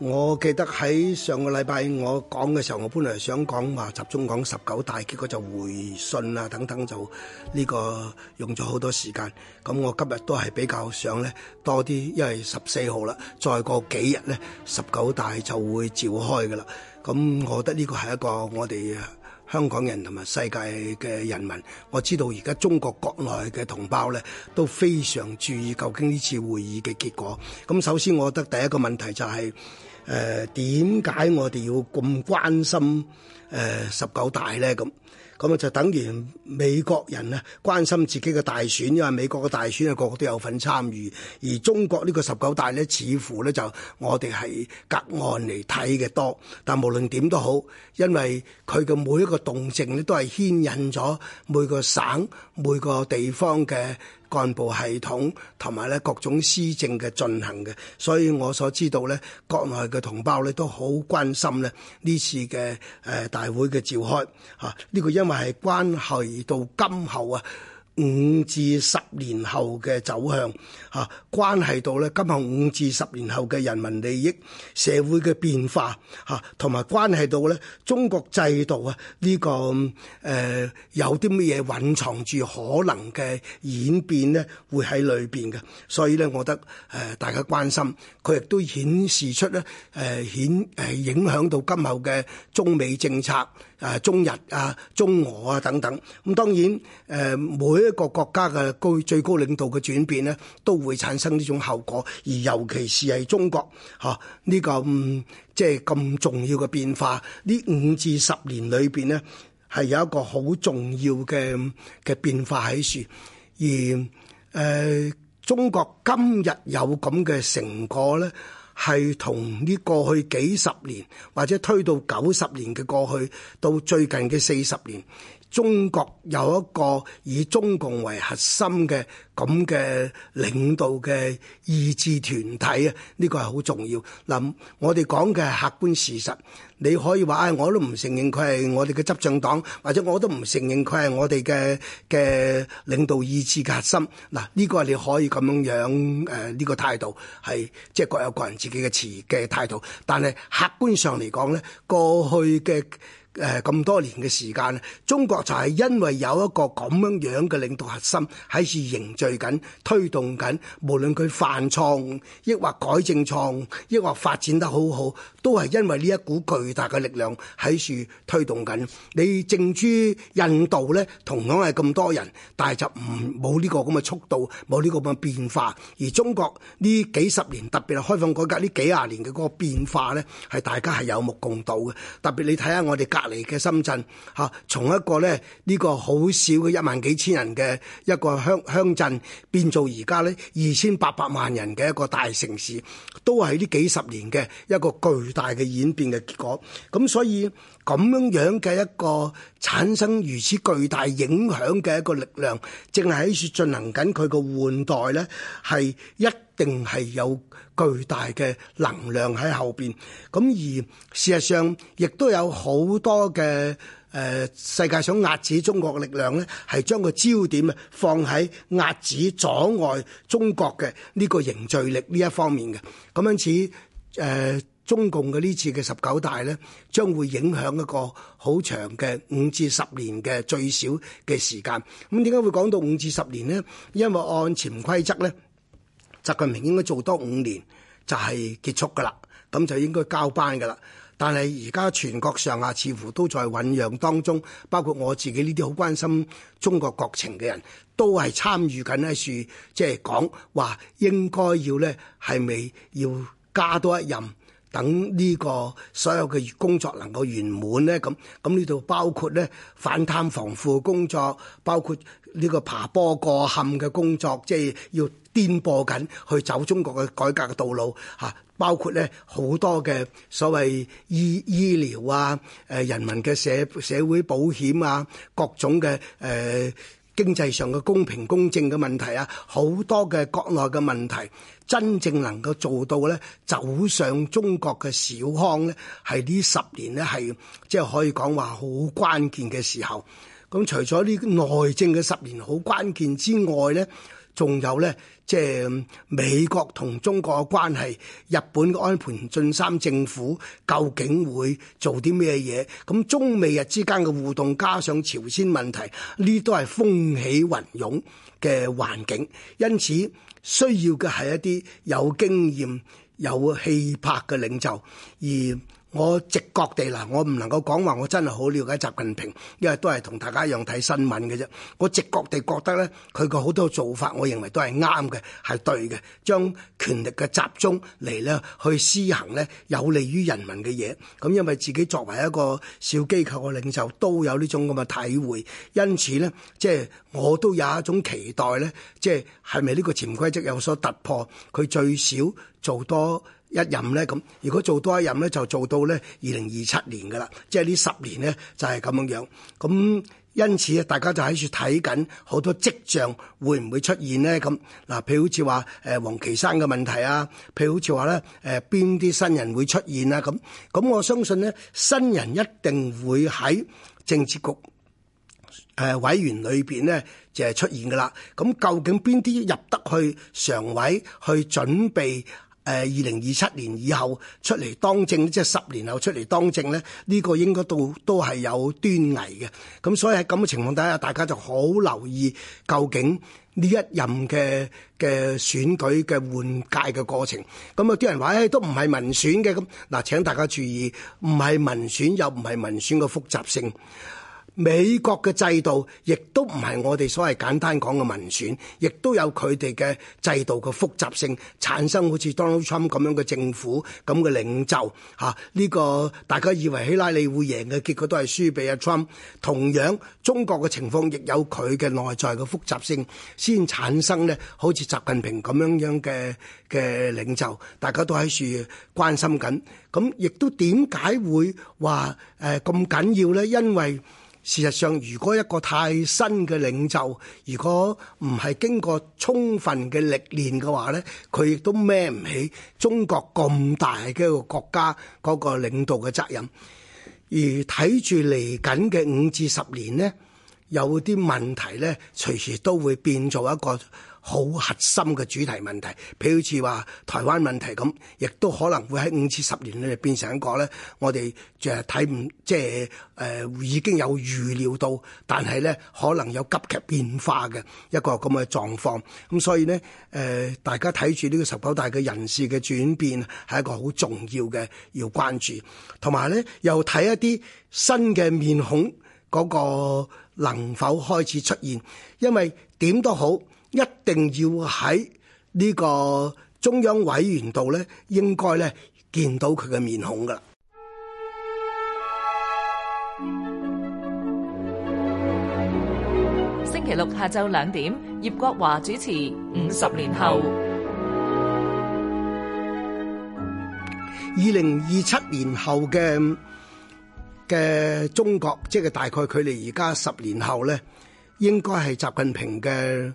我記得喺上個禮拜我講嘅時候，我本來想講話集中講十九大，結果就回信啊等等，就呢個用咗好多時間。咁我今日都係比較想咧多啲，因為十四號啦，再過幾日咧，十九大就會召開㗎啦。咁我覺得呢個係一個我哋。香港人同埋世界嘅人民，我知道而家中國國內嘅同胞咧都非常注意究竟呢次會議嘅結果。咁首先，我覺得第一個問題就係誒點解我哋要咁關心誒十九大咧？咁。咁啊就等於美國人咧關心自己嘅大選，因為美國嘅大選啊個個都有份參與，而中國呢個十九大咧，似乎咧就我哋係隔岸嚟睇嘅多。但無論點都好，因為佢嘅每一個動靜咧都係牽引咗每個省、每個地方嘅幹部系統同埋咧各種施政嘅進行嘅，所以我所知道咧，國內嘅同胞咧都好關心咧呢次嘅誒大會嘅召開。嚇，呢個因為係關係到今後啊。五至十年後嘅走向嚇、啊，關係到咧今後五至十年後嘅人民利益、社會嘅變化啊，同埋關係到咧中國制度啊呢、這個誒、呃、有啲乜嘢隱藏住可能嘅演變咧，會喺裏邊嘅，所以咧我覺得誒、呃、大家關心，佢亦都顯示出咧誒、呃、顯誒影響到今後嘅中美政策。誒中日啊、中俄啊等等，咁當然誒、呃、每一個國家嘅高最高領導嘅轉變咧，都會產生呢種效果，而尤其是係中國嚇呢、啊呢個、嗯、即係咁重要嘅變化，呢五至十年裏邊咧係有一個好重要嘅嘅變化喺處，而誒、呃、中國今日有咁嘅成果咧。係同呢過去幾十年，或者推到九十年嘅過去，到最近嘅四十年。中國有一個以中共為核心嘅咁嘅領導嘅意志團體啊，呢個係好重要。嗱，我哋講嘅係客觀事實，你可以話啊，哎，我都唔承認佢係我哋嘅執政黨，或者我都唔承認佢係我哋嘅嘅領導意志嘅核心。嗱，呢個係你可以咁樣樣，誒，呢個態度係，即係各有各人自己嘅詞嘅態度，但係客觀上嚟講咧，過去嘅。誒咁、嗯、多年嘅時間，中國就係因為有一個咁樣樣嘅領導核心喺處凝聚緊推動緊，無論佢犯錯，抑或改正錯，抑或發展得好好，都係因為呢一股巨大嘅力量喺處推動緊。你正諸印度咧，同樣係咁多人，但係就唔冇呢個咁嘅速度，冇呢個咁嘅變化。而中國呢幾十年，特別係開放改革呢幾廿年嘅個變化咧，係大家係有目共睹嘅。特別你睇下我哋隔。嚟嘅深圳吓，從一個咧，呢個好少嘅，一萬幾千人嘅一個鄉鄉鎮，變做而家咧，二千八百萬人嘅一個大城市，都係呢幾十年嘅一個巨大嘅演變嘅結果。咁所以咁樣樣嘅一個產生如此巨大影響嘅一個力量，正係喺處進行緊佢個換代咧，係一。定係有巨大嘅能量喺後邊，咁而事實上亦都有好多嘅誒、呃、世界想壓制中國嘅力量咧，係將個焦點啊放喺壓制阻礙中國嘅呢個凝聚力呢一方面嘅。咁因此誒中共嘅呢次嘅十九大咧，將會影響一個好長嘅五至十年嘅最少嘅時間。咁點解會講到五至十年咧？因為按潛規則咧。習近平應該做多五年就係、是、結束噶啦，咁就應該交班噶啦。但係而家全國上下似乎都在醞釀當中，包括我自己呢啲好關心中國國情嘅人，都係參與緊呢樹，即係講話應該要咧係咪要加多一任，等呢個所有嘅工作能夠圓滿咧？咁咁呢度包括咧反貪防腐工作，包括。呢個爬坡過坎嘅工作，即係要顛簸緊去走中國嘅改革嘅道路嚇，包括咧好多嘅所謂醫醫療啊、誒人民嘅社社會保險啊、各種嘅誒、呃、經濟上嘅公平公正嘅問題啊，好多嘅國內嘅問題，真正能夠做到咧走上中國嘅小康咧，係呢十年咧係即係可以講話好關鍵嘅時候。咁除咗呢內政嘅十年好關鍵之外呢，仲有呢，即係美國同中國嘅關係、日本嘅安倍晉三政府究竟會做啲咩嘢？咁中美日之間嘅互動，加上朝鮮問題，呢都係風起雲湧嘅環境，因此需要嘅係一啲有經驗、有氣魄嘅領袖，而。我直覺地嗱，我唔能夠講話，我真係好了解習近平，因為都係同大家一樣睇新聞嘅啫。我直覺地覺得咧，佢個好多做法，我認為都係啱嘅，係對嘅，將權力嘅集中嚟咧去施行咧，有利於人民嘅嘢。咁因為自己作為一個小機構嘅領袖，都有呢種咁嘅體會，因此咧，即係我都有一種期待咧，即係係咪呢個潛規則有所突破？佢最少做多一任咧咁，如果做多一任咧，就做到咧二零二七年噶啦，即係呢十年咧就係咁樣樣。咁因此咧，大家就喺度睇緊好多跡象，會唔會出現咧？咁嗱，譬如好似話誒王岐山嘅問題啊，譬如好似話咧誒邊啲新人會出現啊？咁咁我相信咧，新人一定會喺政治局誒委員裏邊咧就係出現噶啦。咁究竟邊啲入得去常委去準備？誒二零二七年以後出嚟當政，即係十年後出嚟當政咧，呢、這個應該都都係有端倪嘅。咁所以喺咁嘅情況底下，大家就好留意究竟呢一任嘅嘅選舉嘅換屆嘅過程。咁啊，啲人話咧、哎、都唔係民選嘅，咁嗱，請大家注意，唔係民選又唔係民選嘅複雜性。美國嘅制度亦都唔係我哋所謂簡單講嘅民選，亦都有佢哋嘅制度嘅複雜性，產生好似 Donald Trump 咁樣嘅政府咁嘅領袖嚇。呢、啊呢個大家以為希拉里會贏嘅結果都係輸俾阿 Trump。同樣中國嘅情況亦有佢嘅內在嘅複雜性，先產生咧好似習近平咁樣樣嘅嘅領袖，大家都喺處關心緊。咁亦都點解會話誒咁緊要咧？因為事實上，如果一個太新嘅領袖，如果唔係經過充分嘅歷練嘅話咧，佢亦都孭唔起中國咁大嘅一個國家嗰個領導嘅責任。而睇住嚟緊嘅五至十年咧，有啲問題咧，隨時都會變做一個好核心嘅主題問題，譬如好似話台灣問題，咁，亦都可能會喺五至十年裏邊變成一個咧。我哋就係睇唔即係誒，已經有預料到，但係咧可能有急劇變化嘅一個咁嘅狀況，咁所以咧誒、呃、大家睇住呢個十九大嘅人事嘅轉變，係一個好重要嘅要關注，同埋咧又睇一啲新嘅面孔嗰、嗰個能否開始出現，因為點都好。一定要喺呢個中央委員度咧，應該咧見到佢嘅面孔噶啦。星期六下晝兩點，葉國華主持五十年後，二零二七年後嘅嘅中國，即係大概距離而家十年後咧，應該係習近平嘅。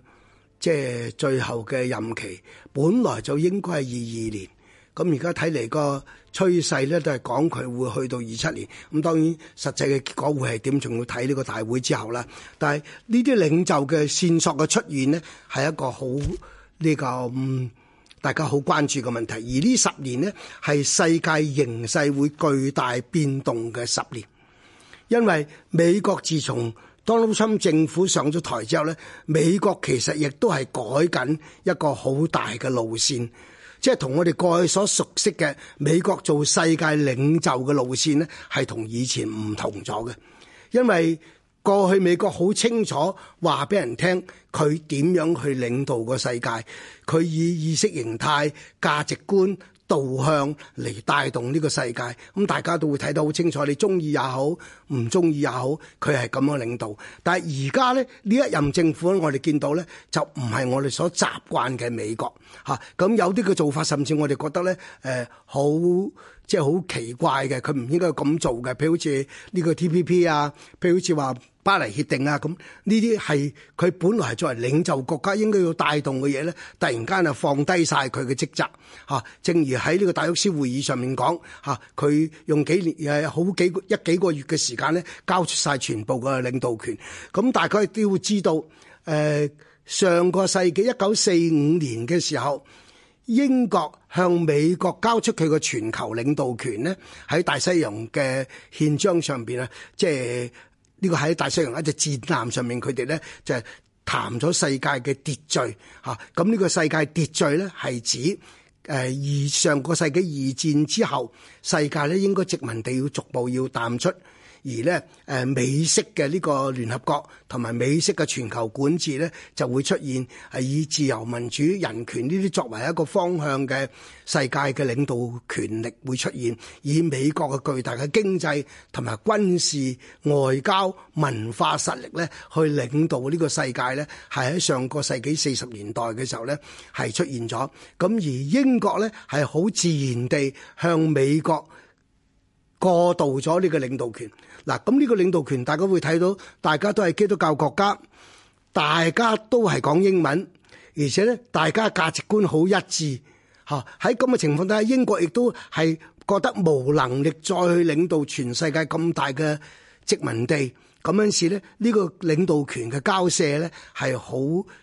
即係最後嘅任期，本來就應該係二二年。咁而家睇嚟個趨勢咧，都係講佢會去到二七年。咁當然實際嘅結果會係點，仲要睇呢個大會之後啦。但係呢啲領袖嘅線索嘅出現呢，係一個好呢、呢個嗯，大家好關注嘅問題。而呢十年呢，係世界形勢會巨大變動嘅十年，因為美國自從當老蔣政府上咗台之後咧，美國其實亦都係改緊一個好大嘅路線，即係同我哋過去所熟悉嘅美國做世界領袖嘅路線咧，係同以前唔同咗嘅。因為過去美國好清楚話俾人聽，佢點樣去領導個世界，佢以意識形態、價值觀導向嚟帶動呢個世界，咁大家都會睇得好清楚。你中意也好，唔中意也好，佢係咁樣領導。但係而家咧，呢一任政府我哋見到咧，就唔係我哋所習慣嘅美國嚇。咁、啊、有啲嘅做法，甚至我哋覺得咧，誒、呃、好。即係好奇怪嘅，佢唔應該咁做嘅。譬如好似呢個 TPP 啊，譬如好似話巴黎協定啊，咁呢啲係佢本來係作為領袖國家應該要帶動嘅嘢咧，突然間啊放低晒佢嘅職責吓，正如喺呢個達沃斯會議上面講吓，佢、啊、用幾年誒、好幾個一幾個月嘅時間咧，交出曬全部嘅領導權，咁、啊、大家都要知道誒、呃、上個世紀一九四五年嘅時候，英國。向美國交出佢嘅全球領導權咧，喺大西洋嘅憲章上邊啊，即係呢、呢個喺大西洋一隻戰艦上面，佢哋咧就係、談咗世界嘅秩序嚇。咁、啊、呢個世界秩序咧係指誒二、呃、上個世紀二戰之後，世界咧應該殖民地要逐步要淡出。而咧，誒美式嘅呢個聯合國同埋美式嘅全球管治呢，就會出現係以自由民主、人權呢啲作為一個方向嘅世界嘅領導權力會出現，以美國嘅巨大嘅經濟同埋軍事、外交、文化實力咧，去領導呢個世界呢，係喺上個世紀四十年代嘅時候呢，係出現咗。咁而英國呢，係好自然地向美國過渡咗呢個領導權。嗱，咁呢個領導權，大家會睇到，大家都係基督教國家，大家都係講英文，而且咧，大家嘅價值觀好一致。嚇喺咁嘅情況底下，英國亦都係覺得無能力再去領導全世界咁大嘅殖民地。咁樣試咧，呢個領導權嘅交涉咧係好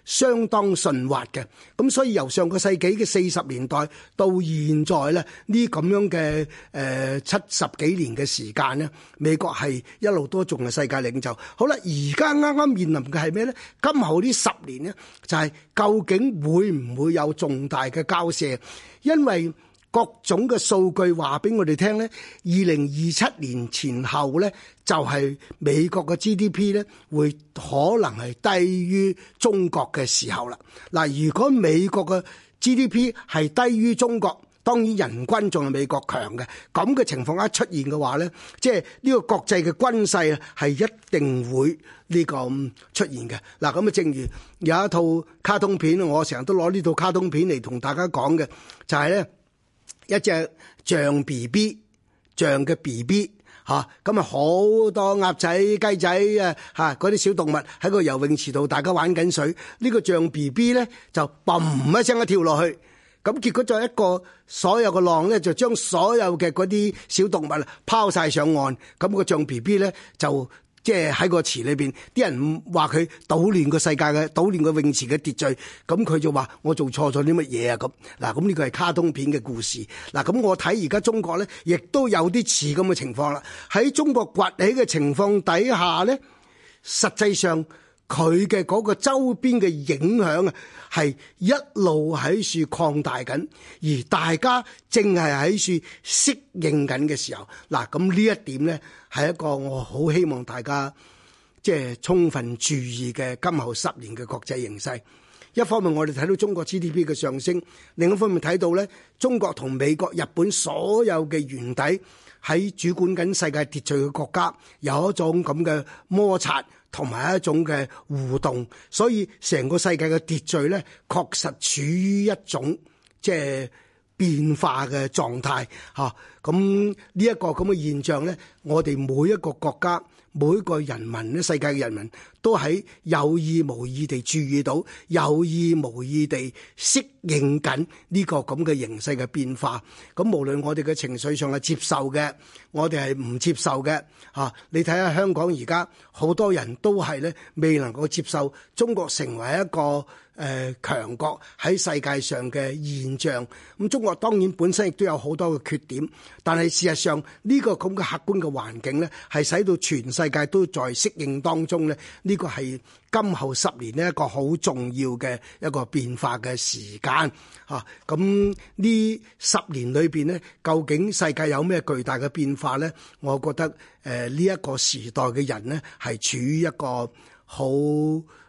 相當順滑嘅。咁所以由上個世紀嘅四十年代到現在咧，呢咁樣嘅誒七十幾年嘅時間咧，美國係一路都仲係世界領袖。好啦，而家啱啱面臨嘅係咩咧？今後呢十年咧，就係究竟會唔會有重大嘅交涉？因為各種嘅數據話俾我哋聽呢，二零二七年前後呢，就係美國嘅 GDP 呢會可能係低於中國嘅時候啦。嗱，如果美國嘅 GDP 係低於中國，當然人均仲係美國強嘅。咁嘅情況一出現嘅話呢，即係呢個國際嘅軍勢係一定會呢個出現嘅。嗱，咁啊，正如有一套卡通片，我成日都攞呢套卡通片嚟同大家講嘅，就係呢。一隻象 B B 象嘅 B B 吓、啊，咁啊好多鴨仔雞仔啊吓，嗰啲小動物喺個游泳池度，大家玩緊水。呢、嗯、個象 B B 咧就嘣一聲一跳落去，咁、啊、結果再一個所有嘅浪咧就將所有嘅嗰啲小動物拋晒上岸，咁、啊那個象 B B 咧就。即係喺個池裏邊，啲人唔話佢搗亂個世界嘅，搗亂個泳池嘅秩序，咁佢就話我做錯咗啲乜嘢啊？咁嗱，咁呢個係卡通片嘅故事。嗱，咁我睇而家中國咧，亦都有啲似咁嘅情況啦。喺中國崛起嘅情況底下咧，實際上，佢嘅個周邊嘅影響啊，係一路喺處擴大緊，而大家正係喺處適應緊嘅時候，嗱，咁呢一點咧係一個我好希望大家即係充分注意嘅今後十年嘅國際形勢。一方面我哋睇到中國 GDP 嘅上升，另一方面睇到咧中國同美國、日本所有嘅原底喺主管緊世界秩序嘅國家有一種咁嘅摩擦。同埋一種嘅互動，所以成個世界嘅秩序咧，確實處於一種即係變化嘅狀態吓。咁呢一個咁嘅現象咧，我哋每一個國家、每一個人民咧，世界嘅人民，都喺有意無意地注意到，有意無意地適應緊呢個咁嘅形勢嘅變化。咁無論我哋嘅情緒上係接受嘅，我哋係唔接受嘅。吓，你睇下香港而家好多人都係咧未能夠接受中國成為一個誒強國喺世界上嘅現象。咁中國當然本身亦都有好多嘅缺點，但係事實上呢個咁嘅客觀嘅環境咧，係使到全世界都在適應當中咧。呢呢個係今後十年一個好重要嘅一個變化嘅時間嚇，咁、啊、呢十年裏邊咧，究竟世界有咩巨大嘅變化咧？我覺得誒呢一個時代嘅人咧，係處於一個好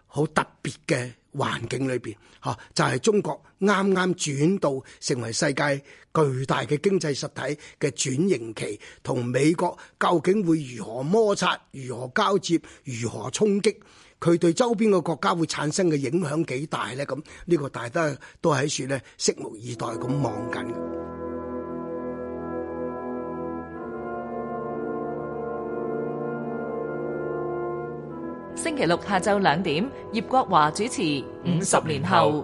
好特別嘅環境裏邊嚇，就係、是、中國啱啱轉到成為世界巨大嘅經濟實體嘅轉型期，同美國究竟會如何摩擦、如何交接、如何衝擊，佢對周邊嘅國家會產生嘅影響幾大呢？咁呢個大家都喺度呢，拭目以待咁望緊。星期六下晝兩點，葉國華主持《五十年後》。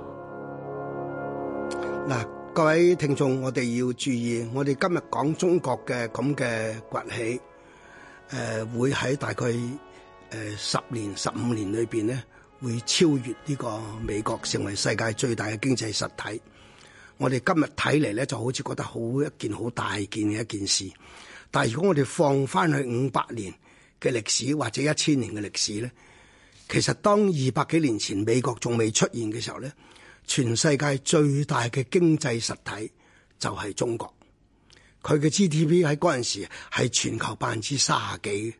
嗱，各位聽眾，我哋要注意，我哋今日講中國嘅咁嘅崛起，誒、呃，會喺大概誒十年、呃、十五年裏邊咧，會超越呢個美國，成為世界最大嘅經濟實體。我哋今日睇嚟咧，就好似覺得好一件好大件嘅一件事，但係如果我哋放翻去五百年。嘅歷史或者一千年嘅歷史咧，其實當二百幾年前美國仲未出現嘅時候咧，全世界最大嘅經濟實體就係中國，佢嘅 GDP 喺嗰陣時係全球百分之三十幾。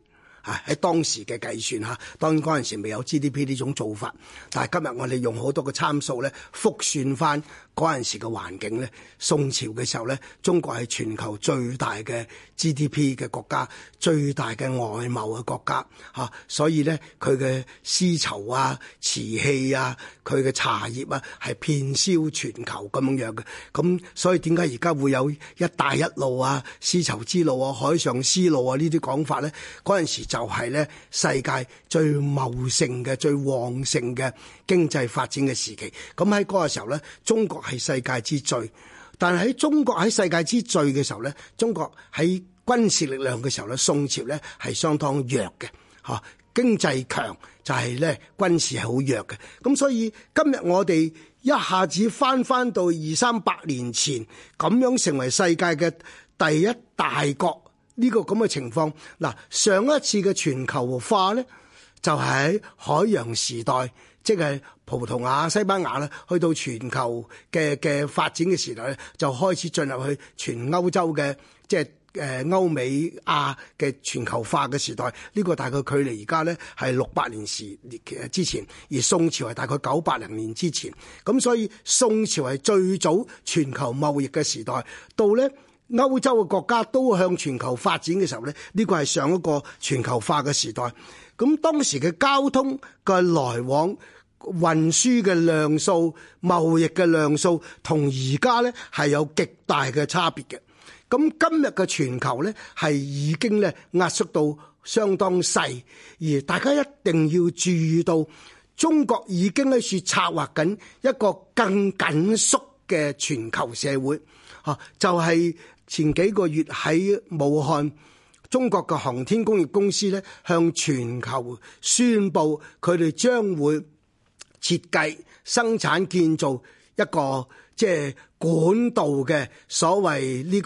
喺當時嘅計算吓，當然嗰陣時未有 GDP 呢種做法，但係今日我哋用好多個參數咧，複算翻陣時嘅環境咧。宋朝嘅時候咧，中國係全球最大嘅 GDP 嘅國家，最大嘅外貿嘅國家吓、啊，所以咧佢嘅絲綢啊、瓷器啊、佢嘅茶葉啊，係遍銷全球咁樣樣嘅。咁、啊、所以點解而家會有一帶一路啊、絲綢之路啊、海上絲路啊呢啲講法咧？陣時。就係咧世界最茂盛嘅、最旺盛嘅經濟發展嘅時期。咁喺嗰個時候咧，中國係世界之最。但係喺中國喺世界之最嘅時候咧，中國喺軍事力量嘅時候咧，宋朝咧係相當弱嘅。嚇，經濟強就係咧軍事係好弱嘅。咁所以今日我哋一下子返返到二三百年前，咁樣成為世界嘅第一大國。呢個咁嘅情況，嗱，上一次嘅全球化咧，就喺、是、海洋時代，即係葡萄牙、西班牙啦，去到全球嘅嘅發展嘅時代咧，就開始進入去全歐洲嘅即係誒、呃、歐美亞嘅全球化嘅時代。呢、這個大概距離而家咧係六百年時之前，而宋朝係大概九百零年之前，咁所以宋朝係最早全球貿易嘅時代，到咧。歐洲嘅國家都向全球發展嘅時候咧，呢個係上一個全球化嘅時代。咁當時嘅交通嘅來往、運輸嘅量數、貿易嘅量數，同而家咧係有極大嘅差別嘅。咁今日嘅全球咧係已經咧壓縮到相當細，而大家一定要注意到，中國已經喺處策劃緊一個更緊縮嘅全球社會。吓，就係。前幾個月喺武漢，中國嘅航天工業公司咧，向全球宣布佢哋將會設計生產建造一個即係管道嘅所謂呢、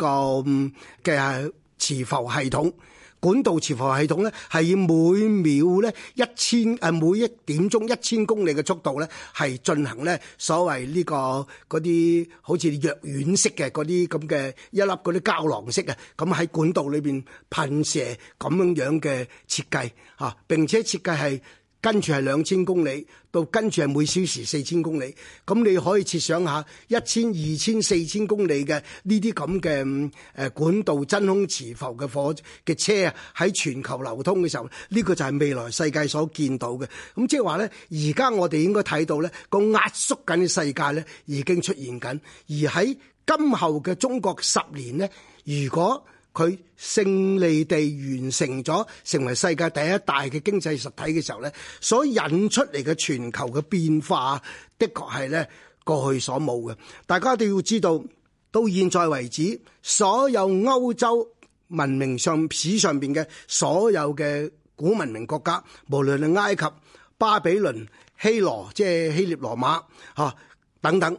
這個嘅磁浮、嗯、磁浮系統。管道磁浮系統咧，係以每秒咧一千誒，每一點鐘一千公里嘅速度咧係進行咧，所謂呢個嗰啲好似藥丸式嘅嗰啲咁嘅一粒嗰啲膠囊式呀，咁喺管道裏邊噴射咁樣樣嘅設計嚇，並且設計係。跟住係兩千公里，到跟住係每小時四千公里，咁你可以設想下一千、二千、四千公里嘅呢啲咁嘅誒管道真空磁浮嘅火嘅車啊，喺全球流通嘅時候，呢個就係未來世界所見到嘅。咁即係話呢而家我哋應該睇到呢個壓縮緊嘅世界呢已經出現緊，而喺今後嘅中國十年呢，如果佢勝利地完成咗成為世界第一大嘅經濟實體嘅時候咧，所引出嚟嘅全球嘅變化，的確係咧過去所冇嘅。大家都要知道，到現在為止，所有歐洲文明上史上邊嘅所有嘅古文明國家，無論係埃及、巴比倫、希羅即係、就是、希臘、羅馬嚇、啊、等等。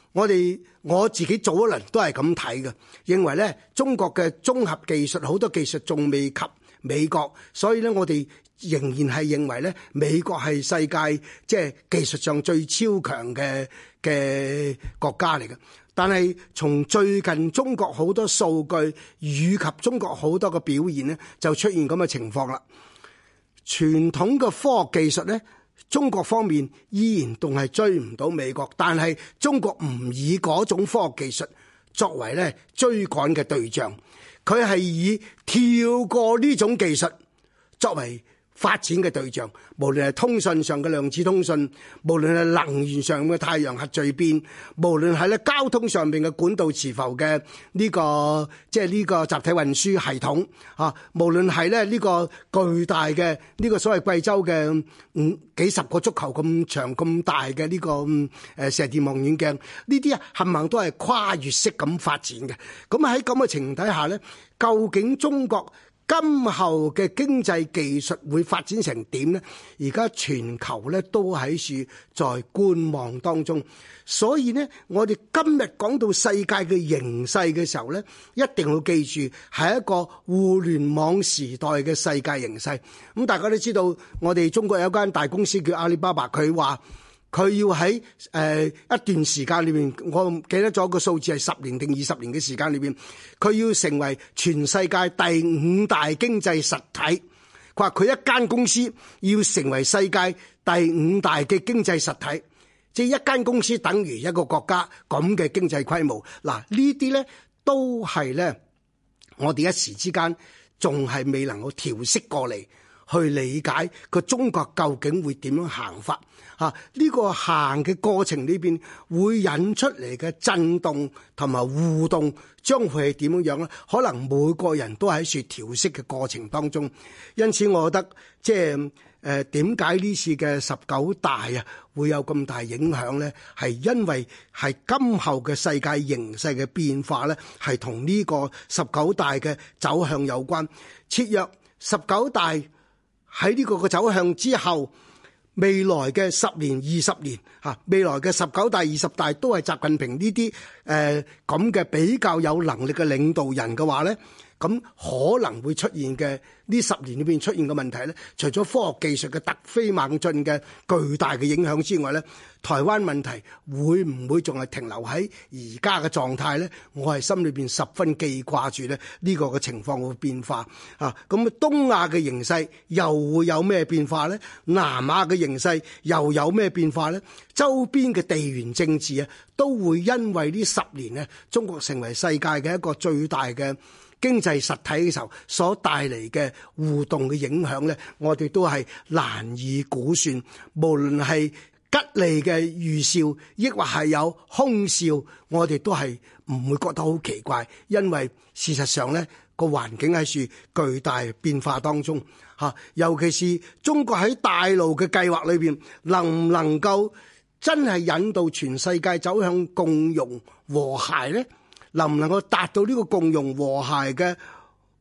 我哋我自己做一輪都係咁睇嘅，認為咧中國嘅綜合技術好多技術仲未及美國，所以咧我哋仍然係認為咧美國係世界即係、就是、技術上最超強嘅嘅國家嚟嘅。但係從最近中國好多數據以及中國好多個表現咧，就出現咁嘅情況啦。傳統嘅科學技術咧。中國方面依然仲係追唔到美國，但係中國唔以嗰種科學技術作為咧追趕嘅對象，佢係以跳過呢種技術作為。發展嘅對象，無論係通訊上嘅量子通訊，無論係能源上嘅太陽核聚變，無論係咧交通上邊嘅管道磁浮嘅呢個即係呢個集體運輸系統，嚇，無論係咧呢個巨大嘅呢個所謂貴州嘅五幾十個足球咁長咁大嘅呢個誒射電望遠鏡，呢啲啊冚唪唥都係跨越式咁發展嘅。咁喺咁嘅情底下咧，究竟中國？今後嘅經濟技術會發展成點呢？而家全球咧都喺處在觀望當中，所以呢，我哋今日講到世界嘅形勢嘅時候呢，一定要記住係一個互聯網時代嘅世界形勢。咁、嗯、大家都知道，我哋中國有間大公司叫阿里巴巴，佢話。佢要喺誒、呃、一段時間裏邊，我記得咗個數字係十年定二十年嘅時間裏邊，佢要成為全世界第五大經濟實體，佢話佢一間公司要成為世界第五大嘅經濟實體，即係一間公司等於一個國家咁嘅經濟規模。嗱，呢啲咧都係咧，我哋一時之間仲係未能夠調適過嚟。去理解個中國究竟會點樣行法嚇？呢個行嘅過程裏邊會引出嚟嘅震動同埋互動，將會係點樣樣咧？可能每個人都喺説調色嘅過程當中，因此我覺得即係誒點解呢次嘅十九大啊會有咁大影響咧？係因為係今後嘅世界形勢嘅變化咧，係同呢個十九大嘅走向有關。切入十九大，喺呢個嘅走向之後，未來嘅十年、二十年，嚇、啊、未來嘅十九大、二十大都係習近平呢啲誒咁嘅比較有能力嘅領導人嘅話咧。咁可能會出現嘅呢十年裏邊出現嘅問題呢除咗科學技術嘅突飛猛進嘅巨大嘅影響之外呢台灣問題會唔會仲係停留喺而家嘅狀態呢我係心裏邊十分記掛住咧呢個嘅情況嘅變化啊！咁東亞嘅形勢又會有咩變化呢南亞嘅形勢又有咩變化呢周邊嘅地緣政治啊，都會因為呢十年呢中國成為世界嘅一個最大嘅。經濟實體嘅時候所帶嚟嘅互動嘅影響呢，我哋都係難以估算。無論係吉利嘅預兆，抑或係有凶兆，我哋都係唔會覺得好奇怪，因為事實上呢個環境喺處巨大變化當中嚇。尤其是中國喺大陸嘅計劃裏邊，能唔能夠真係引導全世界走向共融和諧呢？能唔能夠達到呢個共融和諧嘅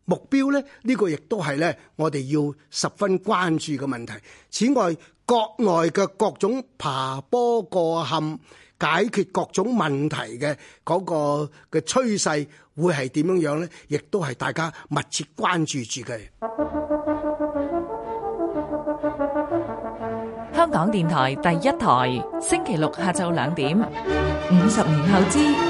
目標呢？呢個亦都係咧，我哋要十分關注嘅問題。此外，國內嘅各種爬坡過坎、解決各種問題嘅嗰個嘅趨勢，會係點樣樣呢？亦都係大家密切關注住嘅。香港電台第一台，星期六下晝兩點，五十年後之。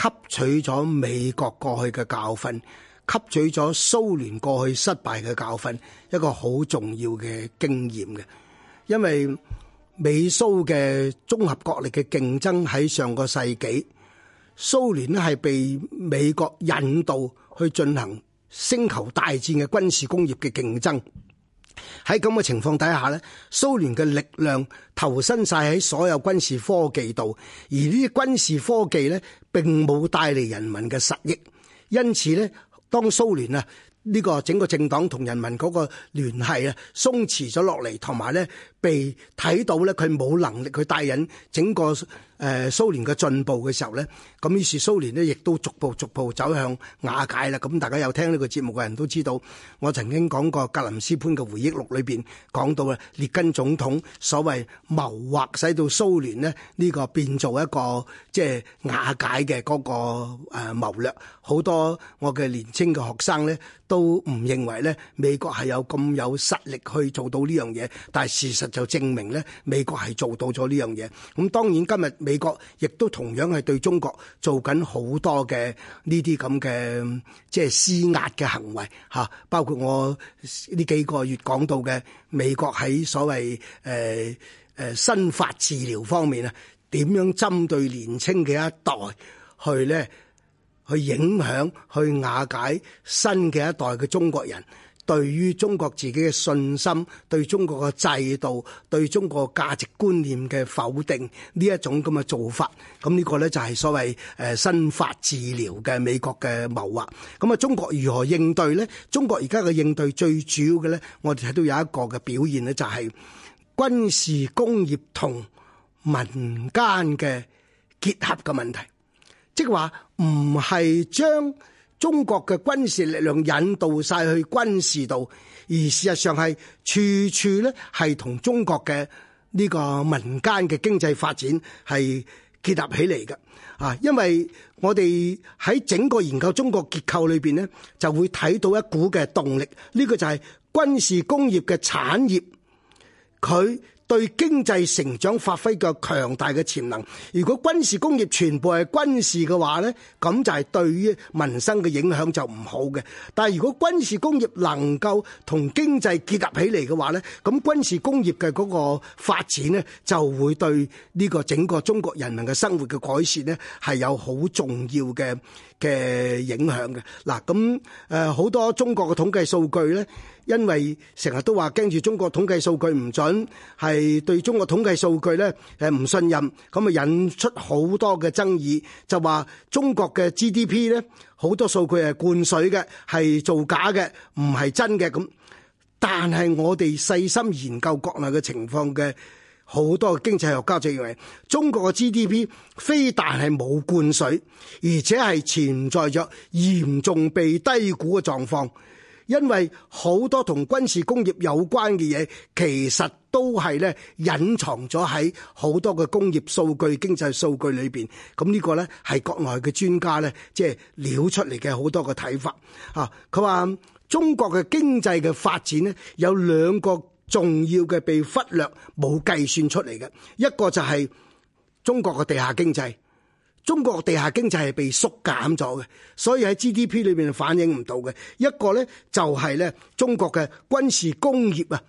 吸取咗美國過去嘅教訓，吸取咗蘇聯過去失敗嘅教訓，一個好重要嘅經驗嘅。因為美蘇嘅綜合國力嘅競爭喺上個世紀，蘇聯咧係被美國引導去進行星球大戰嘅軍事工業嘅競爭。喺咁嘅情況底下呢，蘇聯嘅力量投身晒喺所有軍事科技度，而呢啲軍事科技呢。並冇帶嚟人民嘅實益，因此咧，當蘇聯啊呢個整個政黨同人民嗰個聯繫啊鬆弛咗落嚟，同埋咧被睇到咧佢冇能力去帶引整個。誒蘇聯嘅進步嘅時候咧，咁於是蘇聯咧亦都逐步逐步走向瓦解啦。咁大家有聽呢個節目嘅人都知道，我曾經講過格林斯潘嘅回憶錄裏邊講到啊，列根總統所謂謀劃使到蘇聯咧呢個變做一個即係、就是、瓦解嘅嗰個誒謀略。好多我嘅年青嘅學生咧都唔認為咧美國係有咁有實力去做到呢樣嘢，但係事實就證明咧美國係做到咗呢樣嘢。咁當然今日美美國亦都同樣係對中國做緊好多嘅呢啲咁嘅即係施壓嘅行為嚇，包括我呢幾個月講到嘅美國喺所謂誒誒、呃呃、新法治療方面啊，點樣針對年青嘅一代去咧去影響去瓦解新嘅一代嘅中國人。對於中國自己嘅信心，對中國嘅制度，對中國價值觀念嘅否定，呢一種咁嘅做法，咁呢個呢，就係所謂誒新法治療嘅美國嘅謀劃。咁啊，中國如何應對呢？中國而家嘅應對最主要嘅呢，我哋睇到有一個嘅表現呢，就係軍事工業同民間嘅結合嘅問題，即係話唔係將。中國嘅軍事力量引導晒去軍事度，而事實上係處處咧，係同中國嘅呢個民間嘅經濟發展係結合起嚟嘅啊！因為我哋喺整個研究中國結構裏邊咧，就會睇到一股嘅動力，呢個就係軍事工業嘅產業，佢。對經濟成長發揮嘅強大嘅潛能。如果軍事工業全部係軍事嘅話呢，咁就係對於民生嘅影響就唔好嘅。但係如果軍事工業能夠同經濟結合起嚟嘅話呢，咁軍事工業嘅嗰個發展呢，就會對呢個整個中國人民嘅生活嘅改善呢，係有好重要嘅嘅影響嘅。嗱，咁誒好多中國嘅統計數據呢。因為成日都話驚住中國統計數據唔準，係對中國統計數據咧誒唔信任，咁啊引出好多嘅爭議，就話中國嘅 GDP 咧好多數據係灌水嘅，係做假嘅，唔係真嘅咁。但係我哋細心研究國內嘅情況嘅好多經濟學家就認為，中國嘅 GDP 非但係冇灌水，而且係潛在着嚴重被低估嘅狀況。因為好多同軍事工業有關嘅嘢，其實都係咧隱藏咗喺好多嘅工業數據、經濟數據裏邊。咁呢個咧係國內嘅專家咧，即係料出嚟嘅好多嘅睇法。啊，佢話中國嘅經濟嘅發展咧，有兩個重要嘅被忽略，冇計算出嚟嘅，一個就係中國嘅地下經濟。中國地下經濟係被縮減咗嘅，所以喺 GDP 裏邊反映唔到嘅一個咧，就係咧中國嘅軍事工業啊。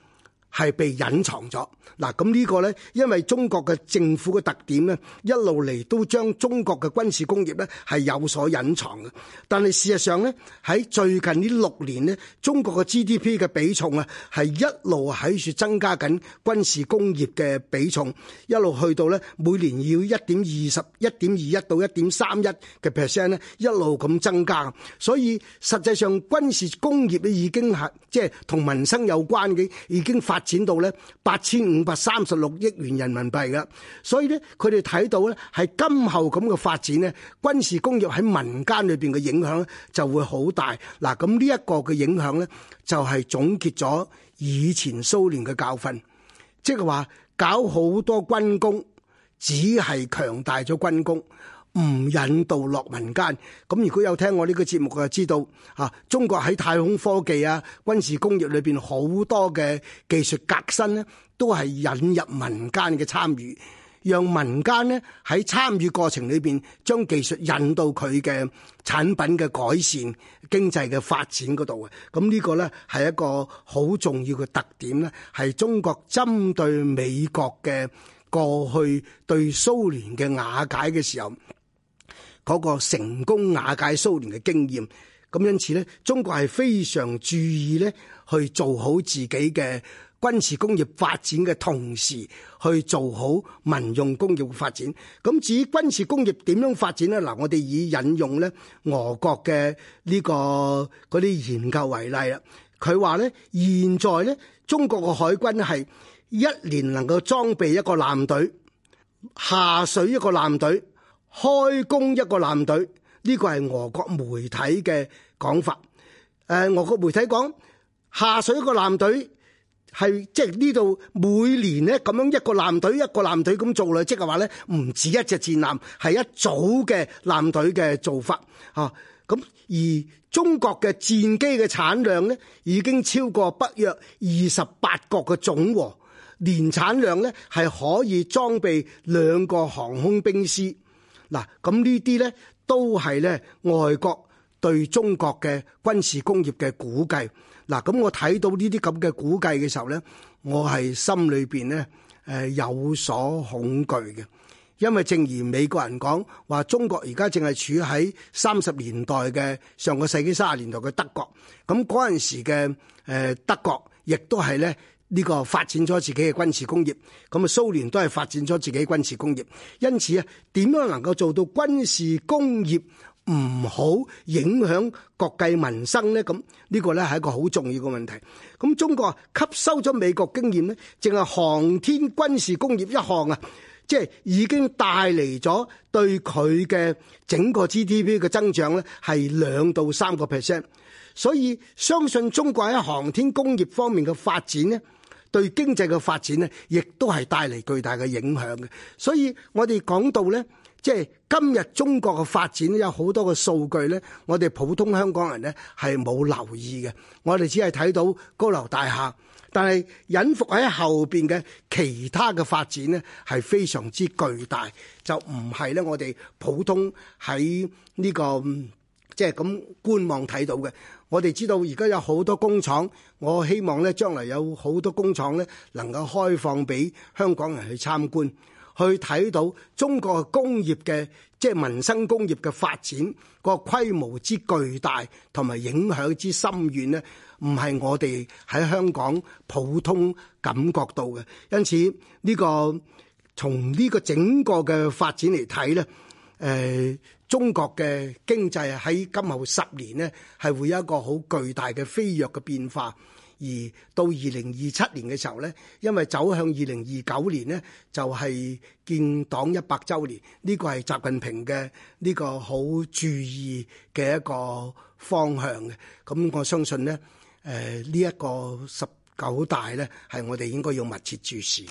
係被隱藏咗嗱，咁呢個呢，因為中國嘅政府嘅特點呢，一路嚟都將中國嘅軍事工業呢係，有所隱藏嘅。但係事實上呢，喺最近呢六年呢，中國嘅 GDP 嘅比重啊，係一路喺處增加緊軍事工業嘅比重，一路去到呢，每年要一點二零、一點二一到一點三一嘅 percent 呢，一路咁增加。所以實際上軍事工業都已經係即係同民生有關嘅，已經發展展到咧八千五百三十六億元人民幣㗎，所以咧佢哋睇到咧係今後咁嘅發展咧，軍事工業喺民間裏邊嘅影響咧就會好大。嗱，咁呢一個嘅影響咧就係總結咗以前蘇聯嘅教訓，即係話搞好多軍工，只係強大咗軍工。唔引導落民間，咁如果有聽我呢個節目嘅，知道，嚇中國喺太空科技啊、軍事工業裏邊好多嘅技術革新呢，都係引入民間嘅參與，讓民間呢喺參與過程裏邊將技術引到佢嘅產品嘅改善、經濟嘅發展嗰度嘅。咁呢個呢係一個好重要嘅特點，呢係中國針對美國嘅過去對蘇聯嘅瓦解嘅時候。嗰個成功瓦解蘇聯嘅經驗，咁因此咧，中國係非常注意咧，去做好自己嘅軍事工業發展嘅同時，去做好民用工業嘅發展。咁至於軍事工業點樣發展咧？嗱，我哋以引用咧俄國嘅呢個嗰啲研究為例啦。佢話咧，現在咧中國嘅海軍係一年能夠裝備一個艦隊下水一個艦隊。開工一個艦隊，呢個係俄國媒體嘅講法。誒、呃，俄國媒體講下水一個艦隊，係即係呢度每年呢咁樣一個艦隊一個艦隊咁做嚟，即係話呢唔止一隻戰艦，係一組嘅艦隊嘅做法啊。咁而中國嘅戰機嘅產量呢，已經超過北約二十八國嘅總和，年產量呢，係可以裝備兩個航空兵師。嗱，咁呢啲咧都係咧外國對中國嘅軍事工業嘅估計。嗱，咁我睇到呢啲咁嘅估計嘅時候咧，我係心裏邊咧誒有所恐懼嘅，因為正如美國人講話，中國而家正係處喺三十年代嘅上個世紀三十年代嘅德國，咁嗰陣時嘅誒德國亦都係咧。呢個發展咗自己嘅軍事工業，咁啊蘇聯都係發展咗自己軍事工業。因此啊，點樣能夠做到軍事工業唔好影響國際民生呢？咁、這、呢個呢，係一個好重要嘅問題。咁中國吸收咗美國經驗呢，淨係航天軍事工業一項啊，即係已經帶嚟咗對佢嘅整個 GDP 嘅增長呢，係兩到三個 percent。所以相信中國喺航天工業方面嘅發展呢。對經濟嘅發展呢，亦都係帶嚟巨大嘅影響嘅。所以我，我哋講到呢，即係今日中國嘅發展，有好多嘅數據呢，我哋普通香港人呢係冇留意嘅。我哋只係睇到高樓大廈，但係隱伏喺後邊嘅其他嘅發展呢係非常之巨大，就唔係呢，我哋普通喺呢、呢個即係咁觀望睇到嘅。我哋知道而家有好多工廠，我希望咧將來有好多工廠咧，能夠開放俾香港人去參觀，去睇到中國工業嘅即係民生工業嘅發展個規模之巨大，同埋影響之深遠呢唔係我哋喺香港普通感覺到嘅。因此呢個從呢個整個嘅發展嚟睇咧。誒、呃，中國嘅經濟喺今後十年呢，係會有一個好巨大嘅飛躍嘅變化。而到二零二七年嘅時候呢，因為走向二零二九年呢，就係、是、建黨一百週年，呢、這個係習近平嘅呢、這個好注意嘅一個方向嘅。咁我相信呢，誒呢一個十九大呢，係我哋應該要密切注視。